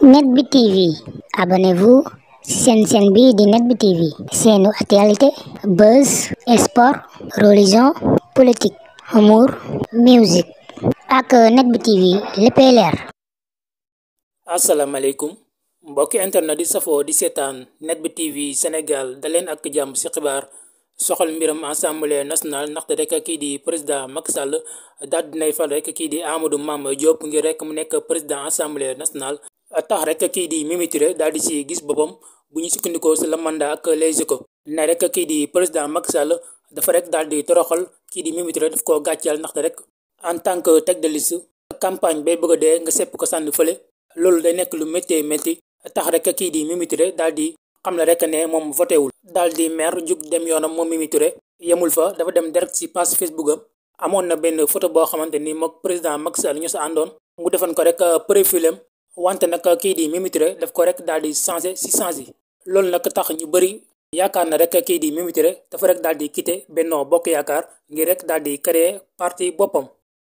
net bi tv abonnez-vous seen bi di net bi tv seenu actualité buzz sport religion politique humour musique ak net bi tv léppay leer asalaamaaleykum mbokki internet di safoo di seetaan net bi tv sénégal daleen ak jàmm ci xibaar soxal mbiram assemblée nationale ndaxte rek kii di président Macky Sall daal dinay fal rek kii di Amadou Mame Diop ngir rek mu nekk président assemblée national tax rek kii di Mimi Touré daal di si gis boppam bu ñu sukkandikoo si la mandat ak les échos ne rek kii di président Macky Sall dafa rek daal di toroxal kii di Mimi daf koo gàcceel ndaxte rek en tant que teg de liste campagne bay bëgg a dee nga sepp ko sànni fële loolu day nekk lu méttee métti tax rek kii di Mimi Touré daal di xam ne rek ne moom voté wul. daal di maire jug dem yoonam moom Mimi yemul fa dafa dem direct si page Facebook am amoon na benn photo boo xamante ni mook président Macky Sall ñu sa àndoon mu defoon ko rek profil am wante nag kii di Mimi Touré daf ko rek daal di changé si changé loolu nag tax ñu bëri yaakaar na rek kii di Mimi Touré dafa rek daal di quitté bennoo Bokk Yaakaar ngir rek daal di créer partie boppam.